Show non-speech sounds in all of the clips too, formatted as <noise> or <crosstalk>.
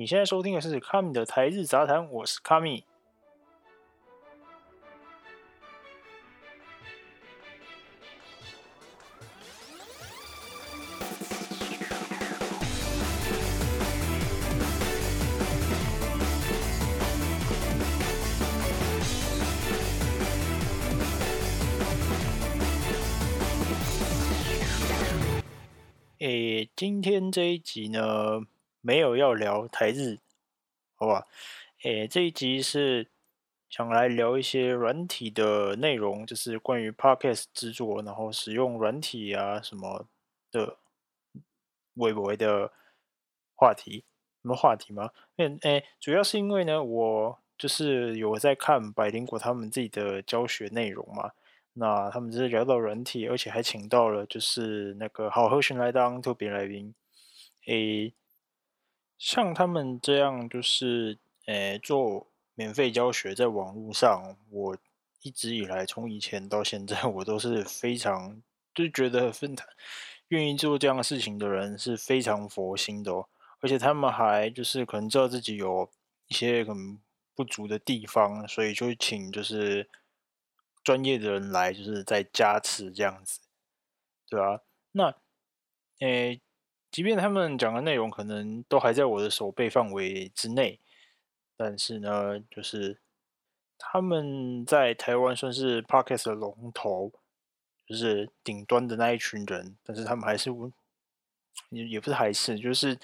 你現在收聽的是卡米的台日雜談，我是卡米。誒、欸，今天這一集呢？沒有要聊台日，好吧？誒，這一集是想來聊一些軟體的內容，就是關於 Podcast 製作，然後使用軟體啊什麼的微博的話題。什麼話題嗎？那誒，主要是因為呢，我就是有在看百靈果他們自己的教學內容嘛。那他們只是聊到軟體，而且還請到了就是那個好和弦來當特別來賓，誒。像他們這樣，就是誒、欸，做免費教學在網絡上，我一直以來，從以前到現在，我都是非常就覺得分攤願意做這樣的事情的人是非常佛心的、哦，而且他們還就是可能知道自己有一些很不足的地方，所以就請就是專業的人來，就是再加持這樣子，對吧、啊？那誒。欸即便他們講的內容可能都還在我的守備範圍之內，但是呢，就是他們在台灣算是 Podcast 的龍頭，就是頂端的那一群人。但是他們還是也也不是還是，就是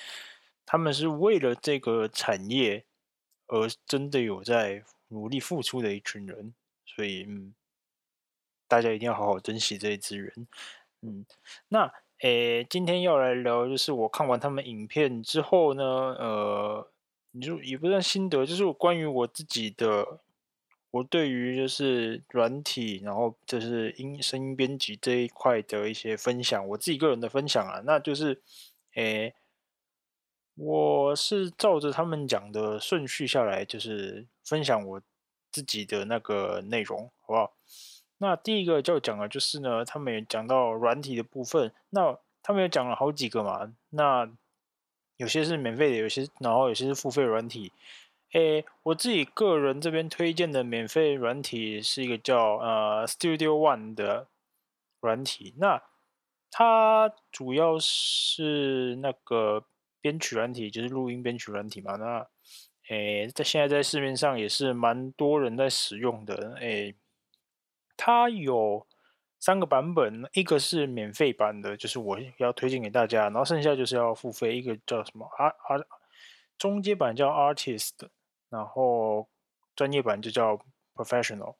他們是為了這個產業而真的有在努力付出的一群人。所以，嗯，大家一定要好好珍惜這一群人。嗯，那。誒，今天要來聊，就是我看完他們影片之後呢，呃，你就也不算心得，就是關於我自己的，我對於就是軟體，然後就是音聲音編輯這一塊的一些分享，我自己個人的分享啊，那就是，誒，我是照着他們講的順序下來，就是分享我自己的那個內容，好不好？那第一個就要講的就是呢，他們也講到軟體的部分。那他們也講了好幾個嘛，那有些是免費的，有些然後有些是付費軟體。誒，我自己個人這邊推薦的免費軟體是一個叫呃 Studio One 的軟體。那它主要是那個編曲軟體，就是錄音編曲軟體嘛。那誒，在現在在市面上也是蠻多人在使用的。誒。它有三個版本，一個是免費版的，就是我要推薦給大家，然後剩下就是要付費，一個叫什麼？啊啊，中階版叫 Artist，然後專業版就叫 Professional，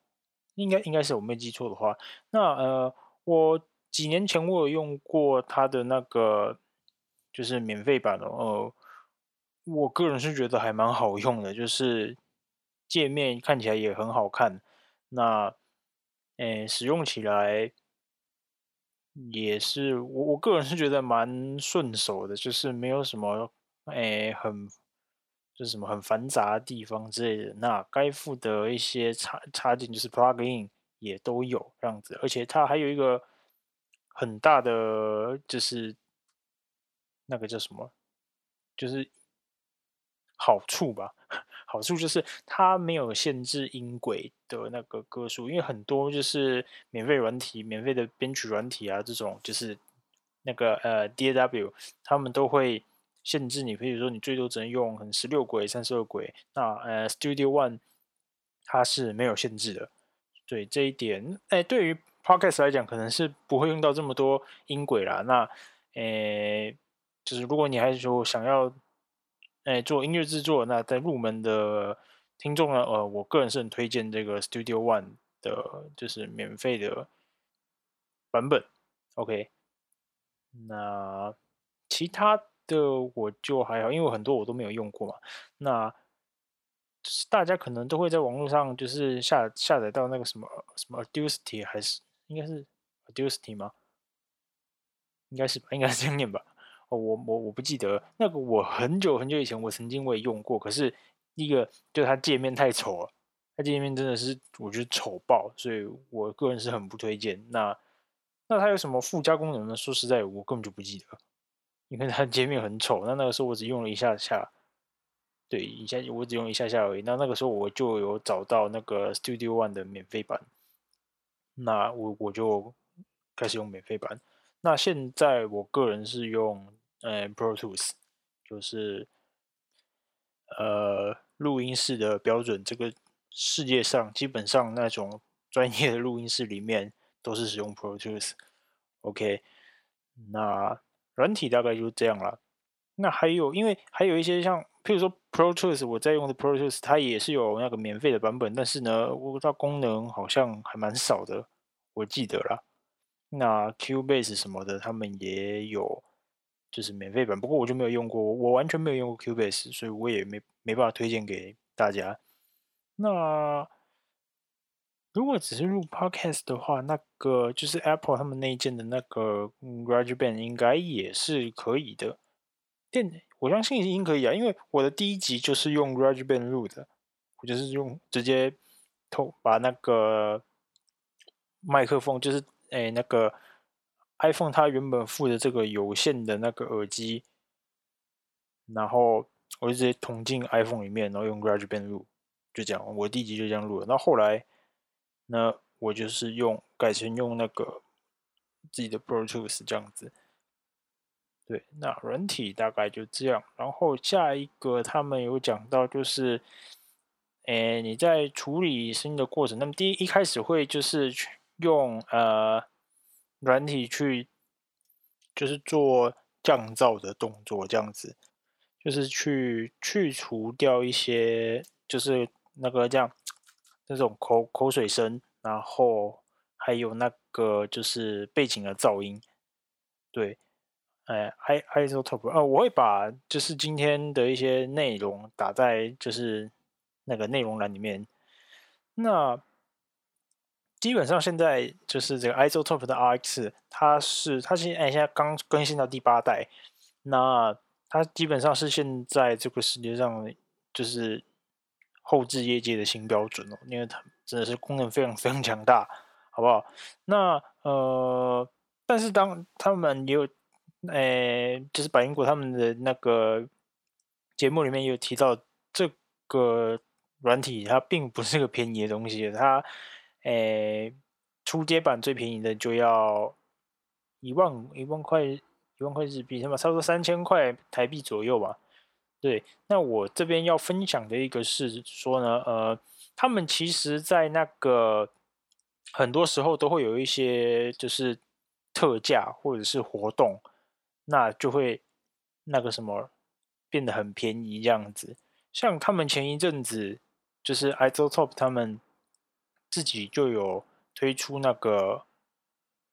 應該應該是我沒記錯的話。那呃，我幾年前我有用過它的那個，就是免費版的，呃，我個人是覺得還蠻好用的，就是界面看起來也很好看，那。誒、欸，使用起來也是我我個人是覺得蠻順手的，就是沒有什麼誒、欸、很就是什麼很繁雜的地方之類的。那該附的一些插插件就是 plugin 也都有這樣子，而且它還有一個很大的就是那個叫什麼，就是。好處吧，好處就是它沒有限制音軌的那個個數，因為很多就是免費軟體、免費的編曲軟體啊，這種就是那個呃 DAW，他們都會限制你，比如說你最多只能用很十六軌、三十二軌。那呃 Studio One 它是沒有限制的，所以這一點哎、欸，對於 Podcast 來講，可能是不會用到這麼多音軌啦。那呃、欸，就是如果你還是說想要。哎、欸，做音樂製作，那在入門的聽眾呢？呃，我個人是很推薦這個 Studio One 的，就是免費的版本。OK，那其他的我就還好，因為很多我都沒有用過嘛。那就是大家可能都會在網絡上就是下下載到那個什麼什麼 Audacity，還是應該是 Audacity 嗎？應該是吧，應該是這樣念吧。哦，我我我不記得那個，我很久很久以前我曾經我也用過，可是一個就它界面太醜了，它界面真的是我覺得醜爆，所以我個人是很不推薦。那那它有什麼附加功能呢？說實在，我根本就不記得。你看它界面很醜，那那個時候我只用了一下下，對，以前我只用一下下而已。那那個時候我就有找到那個 Studio One 的免費版，那我我就開始用免費版。那現在我個人是用。嗯，Pro Tools，就是呃錄音室的標準。這個世界上基本上那種專業的錄音室裡面都是使用 Pro Tools。OK，那軟體大概就這樣了。那還有，因為還有一些像，譬如說 Pro Tools，我在用的 Pro Tools，它也是有那個免費的版本，但是呢，我不知道功能好像還蠻少的，我記得啦。那 Cubase 什麼的，他們也有。就是免費版，不過我就沒有用過，我完全沒有用過 Cubase，所以我也沒沒辦法推薦給大家。那如果只是錄 Podcast 的話，那個就是 Apple 他們內建的那個 GarageBand 應該也是可以的。電，我相信已經可以啊，因為我的第一集就是用 GarageBand 錄的，我就是用直接偷把那個麥克風，就是哎、欸、那個。iPhone 它原本附的這個有線的那個耳機，然後我就直接捅進 iPhone 裡面，然後用 GarageBand 錄，就這樣，我第一集就這樣錄了。那後來，那我就是用改成用那個自己的 Bluetooth 這樣子。對，那軟體大概就這樣。然後下一個他們有講到就是，哎、欸，你在處理聲音的過程，那麼第一一開始會就是用呃。軟體去就是做降噪的動作，這樣子就是去去除掉一些就是那個這樣，那種口口水聲，然後還有那個就是背景的噪音。對，哎、欸，i iZotope，啊，我會把就是今天的一些內容打在就是那個內容欄裡面。那基本上現在就是這個 iZotope 的 RX，它是它現現在剛更新到第八代，那它基本上是現在這個世界上就是後製業界的新標準哦，因為它真的是功能非常非常強大，好不好？那呃，但是當他們也有哎，就是百靈果他們的那個節目裡面也有提到這個軟體，它並不是個便宜的東西，它。誒，初階版最便宜的就要一萬一萬塊一萬塊日幣，差不多三千塊台幣左右吧。對，那我這邊要分享的一個是說呢，呃，他們其實在那個很多時候都會有一些就是特價或者是活動，那就會那個什麼變得很便宜這樣子。像他們前一陣子就是 iZotope 他們。自己就有推出那個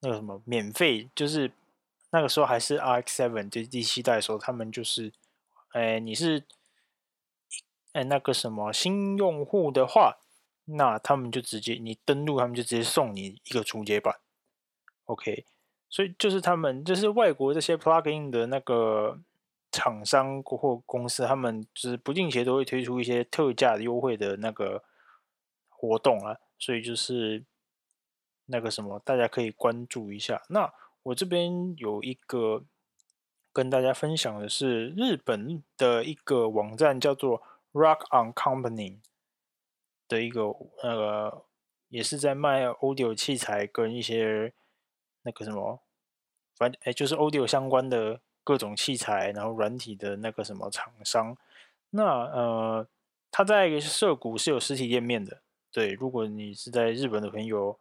那個什麼免費，就是那個時候還是 RX Seven 這第七代的時候，他們就是，哎、欸，你是哎、欸、那個什麼新用戶的話，那他們就直接你登錄，他們就直接送你一個初階版。OK，所以就是他們就是外國這些 Plugin 的那個廠商或公司，他們就是不定期都會推出一些特價優惠的那個活動啊。所以就是那個什麼，大家可以關注一下。那我這邊有一個跟大家分享的是日本的一個網站，叫做 Rock On Company 的一個呃，也是在賣 Audio 器材跟一些那個什麼反哎，就是 Audio 相關的各種器材，然後軟體的那個什麼廠商。那呃，它在一個澀谷是有實體店面的。對，如果你是在日本的朋友，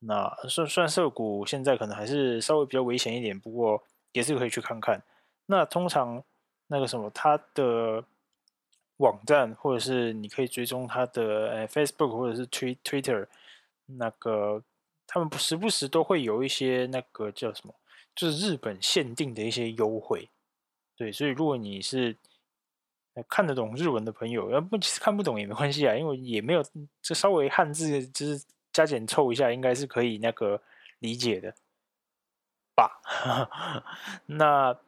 那算算澀谷，現在可能還是稍微比較危險一點，不過也是可以去看看。那通常那個什麼，他的網站或者是你可以追蹤他的 Facebook 或者是推 Twitter，那個他們不時不時都會有一些那個叫什麼，就是日本限定的一些優惠。對，所以如果你是。看得懂日文的朋友，要不其實看不懂也沒關係啊，因為也沒有這稍微漢字，就是加減湊一下，應該是可以那個理解的吧。 <laughs> 那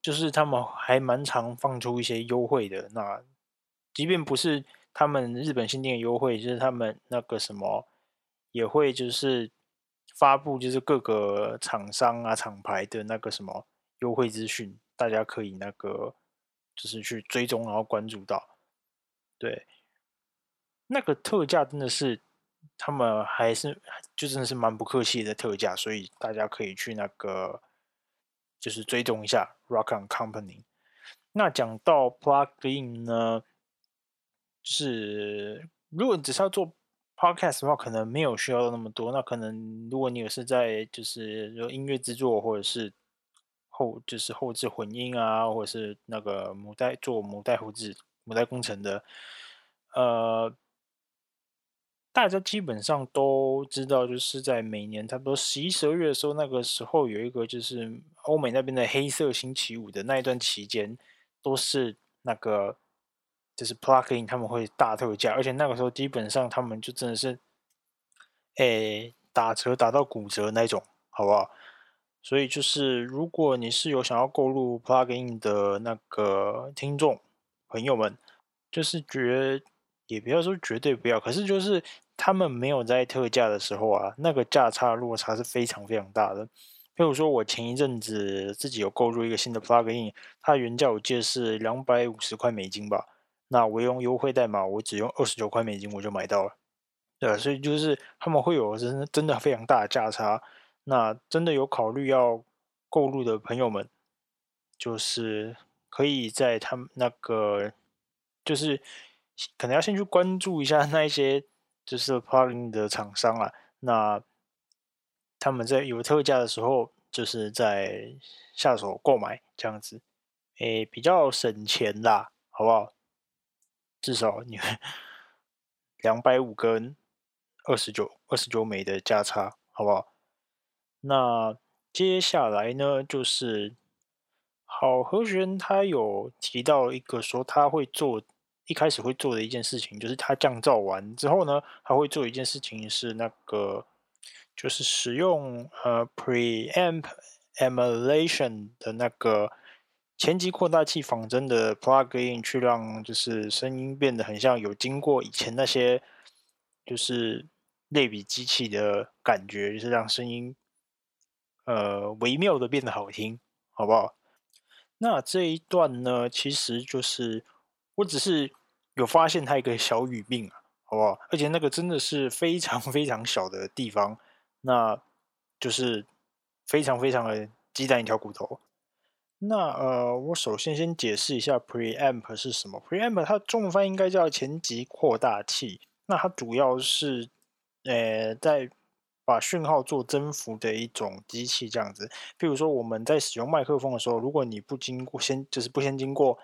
就是他們還蠻常放出一些優惠的，那即便不是他們日本新店的優惠，就是他們那個什麼也會就是發布就是各個廠商啊廠牌的那個什麼優惠資訊，大家可以那個。就是去追蹤，然後關注到，對，那個特價真的是他們還是就真的是蠻不客氣的特價，所以大家可以去那個就是追蹤一下 Rock on Company。那講到 Plugin 呢，就是如果你只是要做 Podcast 的話，可能沒有需要那麼多。那可能如果你也是在就是有音樂制作或者是。後就是後製混音啊，或者是那個母帶做母帶後製母帶工程的，呃，大家基本上都知道，就是在每年差不多十一、十二月的時候，那個時候有一個就是歐美那邊的黑色星期五的那一段期間，都是那個就是 Plugin 他們會大特價，而且那個時候基本上他們就真的是，欸，打折打到骨折那種，好不好？所以就是，如果你是有想要購入 plugin 的那個聽眾朋友們，就是絕，也不要說絕對不要，可是就是他們沒有在特價的時候啊，那個價差落差是非常非常大的。比如說我前一陣子自己有購入一個新的 plugin，它的原價我記得是兩百五十塊美金吧，那我用優惠代碼，我只用二十九塊美金我就買到了，對啊，所以就是他們會有真的真的非常大的價差。那真的有考慮要購入的朋友們，就是可以在他們那個，就是可能要先去關注一下那一些就是 plugin 的廠商啊。那他們在有特價的時候，就是在下手購買這樣子，誒、欸，比較省錢啦，好不好？至少你兩百五跟二十九二十九美的價差，好不好？那接下來呢，就是好和弦他有提到一個說，他會做一開始會做的一件事情，就是他降噪完之後呢，還會做一件事情是，那個就是使用呃 preamp emulation 的那個前級擴大器仿真的 plug in 去讓就是聲音變得很像有經過以前那些就是類比機器的感覺，就是讓聲音。呃，微妙的變得好聽，好不好？那這一段呢，其實就是我只是有發現他一個小語病，好不好？而且那個真的是非常非常小的地方，那就是非常非常的雞蛋一條骨頭。那呃，我首先先解釋一下 preamp 是什麼，preamp 它中文翻譯應該叫前級擴大器，那它主要是呃在。把訊號做增幅的一種機器，這樣子。譬如說，我們在使用麥克風的時候，如果你不經過先，就是不先經過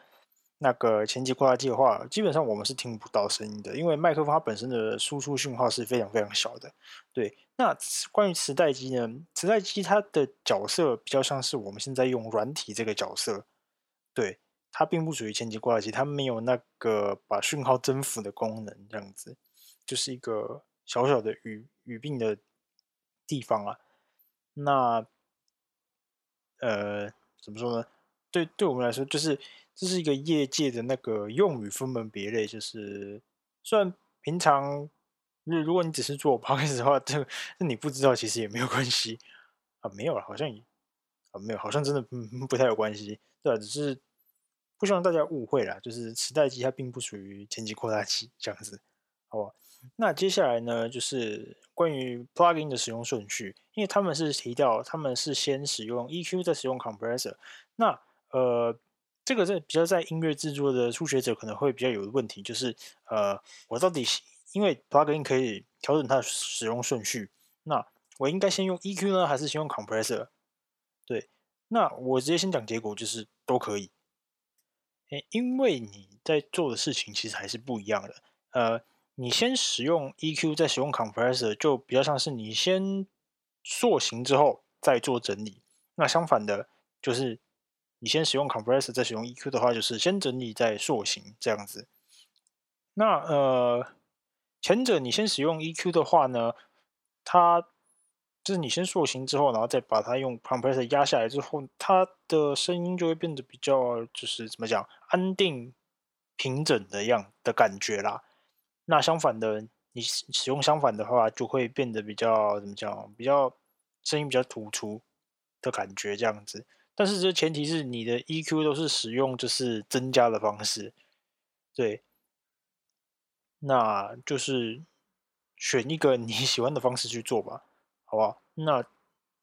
那個前級擴大機的話，基本上我們是聽不到聲音的，因為麥克風它本身的輸出訊號是非常非常小的。對，那關於磁帶機呢？磁帶機它的角色比較像是我們現在用軟體這個角色，對，它並不屬於前級擴大機，它沒有那個把訊號增幅的功能，這樣子，就是一個小小的語語病的。地方啊，那呃，怎麼說呢？對，對我們來說，就是這是一個業界的那個用語，分門別類。就是雖然平常，如、呃、如果你只是做 podcast 的話，這那你不知道其實也沒有關係啊，沒有了，好像啊沒有，好像真的不，不太有關係，對吧？只是不希望大家誤會啦，就是磁帶機它並不屬於前級擴大機這樣子，好吧？那接下來呢，就是關於 plugin 的使用順序，因為他們是提到他們是先使用 EQ 再使用 compressor 那。那呃，這個在比較在音樂製作的初學者可能會比較有的問題，就是呃，我到底因為 plugin 可以調整它的使用順序，那我應該先用 EQ 呢，還是先用 compressor？對，那我直接先講結果，就是都可以。欸，因為你在做的事情其實還是不一樣的，呃。你先使用 EQ，再使用 Compressor，就比較像是你先塑形之後再做整理。那相反的，就是你先使用 Compressor，再使用 EQ 的話，就是先整理再塑形這樣子。那呃，前者你先使用 EQ 的話呢，它就是你先塑形之後，然後再把它用 Compressor 壓下來之後，它的聲音就會變得比較就是怎麼講，安定平整的樣的感覺啦。那相反的，你使用相反的話，就會變得比較怎麼講？比較聲音比較突出的感覺這樣子。但是這前提是你的 EQ 都是使用就是增加的方式，對。那就是選一個你喜歡的方式去做吧，好不好？那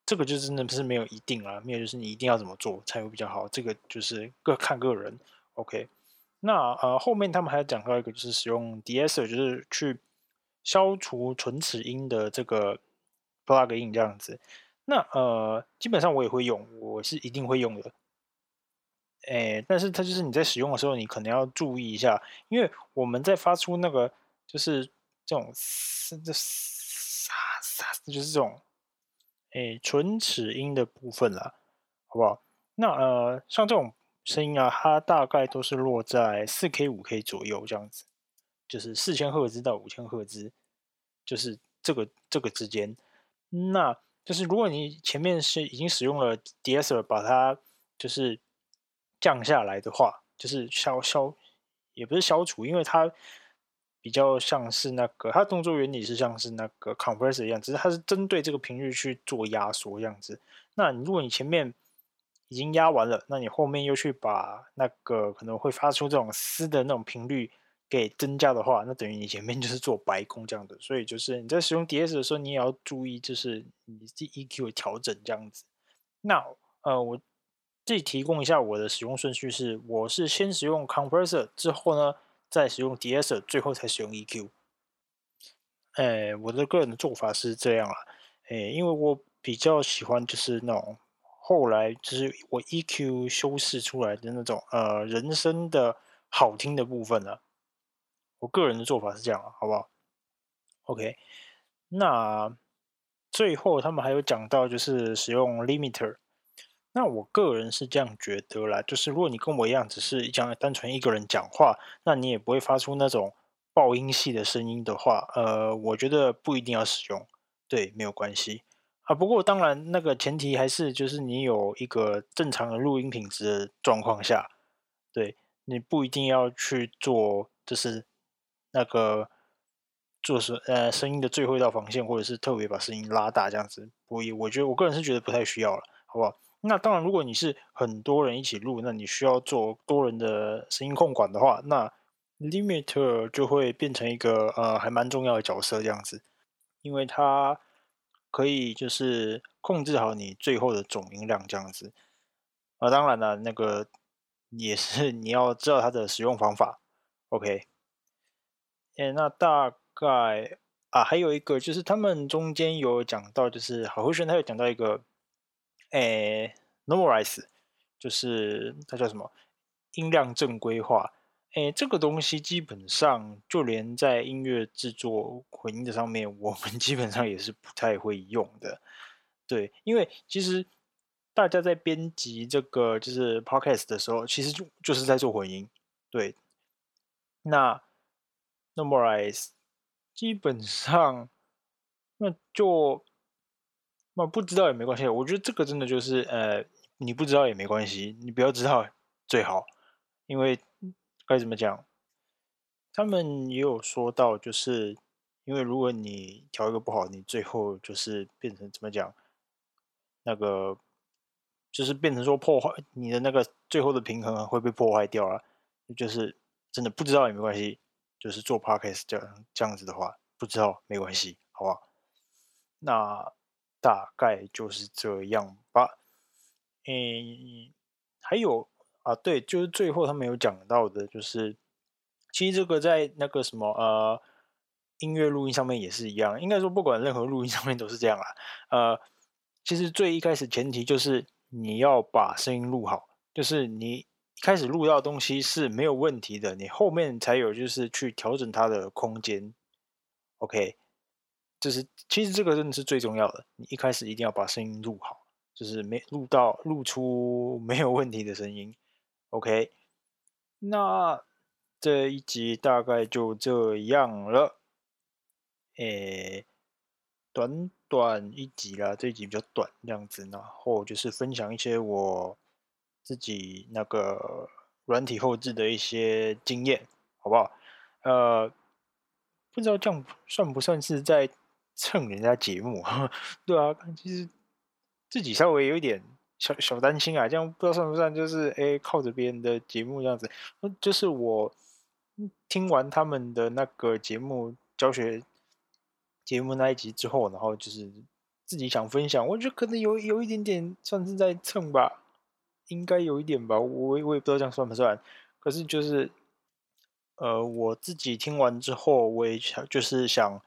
這個就真的不是沒有一定啊，沒有就是你一定要怎麼做才會比較好，這個就是各看個人，OK。那呃，後面他們還講到一個，就是使用 DeEsser 就是去消除唇齒音的這個 plugin 這樣子。那呃，基本上我也會用，我是一定會用的。欸、但是它就是你在使用的時候，你可能要注意一下，因為我們在發出那個就是這種，就是這種，哎、欸，唇齒音的部分啦，好不好？那呃，像這種。聲音啊，它大概都是落在四 K、五 K 左右這樣子，就是四千赫茲到五千赫茲，就是這個這個之間。那就是如果你前面是已經使用了 DeEsser 把它就是降下來的話，就是消消也不是消除，因為它比較像是那個它動作原理是像是那個 compressor 一樣，只是它是針對這個頻率去做壓縮這樣子。那如果你前面已經壓完了，那你後面又去把那個可能會發出這種絲的那種頻率給增加的話，那等於你前面就是做白工這樣的。所以就是你在使用 DS 的時候，你也要注意就是你 EQ 的調整這樣子。那呃我自己提供一下我的使用順序是，我是先使用 compressor 之後呢，再使用 DS，最後才使用 EQ。哎，我的個人的做法是這樣啊，誒，因為我比較喜歡就是那種。後來就是我 EQ 修飾出來的那種呃，人聲的好聽的部分了。我個人的做法是這樣，好不好？OK，那最後他們還有講到就是使用 limiter。那我個人是這樣覺得啦，就是如果你跟我一樣，只是講單純一個人講話，那你也不會發出那種爆音系的聲音的話，呃，我覺得不一定要使用，對，沒有關係。啊，不過當然，那個前提還是就是你有一個正常的錄音品質的狀況下，對，你不一定要去做，就是那個做聲呃聲音的最後一道防線，或者是特別把聲音拉大這樣子。我也我覺得我個人是覺得不太需要了，好不好？那當然，如果你是很多人一起錄，那你需要做多人的聲音控管的話，那 limiter 就會變成一個呃還蠻重要的角色這樣子，因為它。可以就是控制好你最後的總音量這樣子，啊，當然了，那個也是你要知道它的使用方法。OK，欸、那大概啊，還有一個就是他們中間有講到，就是好和弦他有講到一個，哎、欸、Normalize，就是它叫什麼音量正規化。誒，這個東西基本上，就連在音樂製作混音的上面，我們基本上也是不太會用的。對，因為其實大家在編輯這個就是 podcast 的時候，其實就就是在做混音。對，那 Normalize 基本上，那就那不知道也沒關係。我覺得這個真的就是，呃，你不知道也沒關係，你不要知道最好，因為。該怎麼講？他們也有說到，就是因為如果你調一個不好，你最後就是變成怎麼講？那個就是變成說破壞你的那個最後的平衡會被破壞掉了。就是真的不知道也沒關係，就是做 podcast 這這樣子的話，不知道沒關係，好吧？那大概就是這樣吧。嗯，還有。啊，對，就是最後他們有講到的，就是其實這個在那個什麼呃音樂錄音上面也是一樣，應該說不管任何錄音上面都是這樣啦、啊。呃，其實最一開始前提就是你要把聲音錄好，就是你一開始錄到的東西是沒有問題的，你後面才有就是去調整它的空間。OK，就是其實這個真的是最重要的，你一開始一定要把聲音錄好，就是沒錄到錄出沒有問題的聲音。OK，那這一集大概就這樣了、欸，誒，短短一集啦，這一集比較短，這樣子，然後就是分享一些我自己那個軟體後製的一些經驗，好不好？呃，不知道這樣算不算是在蹭人家節目？ <laughs> 對啊，但其實自己稍微有一點。小小擔心啊，這樣不知道算不算？就是誒、欸、靠着別人的節目這樣子，就是我聽完他們的那個節目，教學節目那一集之後，然後就是自己想分享，我覺得可能有有一點點算是在蹭吧，應該有一點吧。我我也不知道這樣算不算，可是就是呃，我自己聽完之後，我也想就是想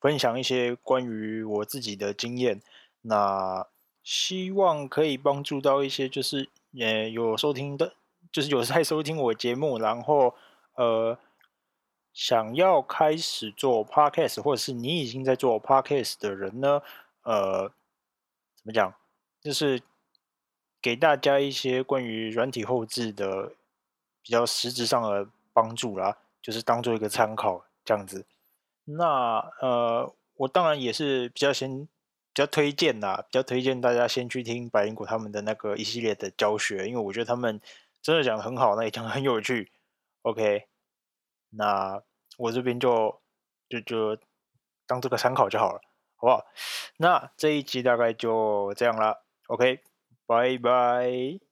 分享一些關於我自己的經驗，那。希望可以幫助到一些，就是也有收聽的，就是有在收聽我節目，然後呃想要開始做 Podcast，或者是你已經在做 Podcast 的人呢，呃，怎麼講，就是給大家一些關於軟體後製的比較實質上的幫助啦，就是當做一個參考這樣子。那呃，我當然也是比較先。比較推薦吶、啊，比較推薦大家先去聽百靈果他們的那個一系列的教學，因為我覺得他們真的講得很好，那也講得很有趣。OK，那我這邊就就就當這個參考就好了，好不好？那這一集大概就這樣了。OK，拜拜。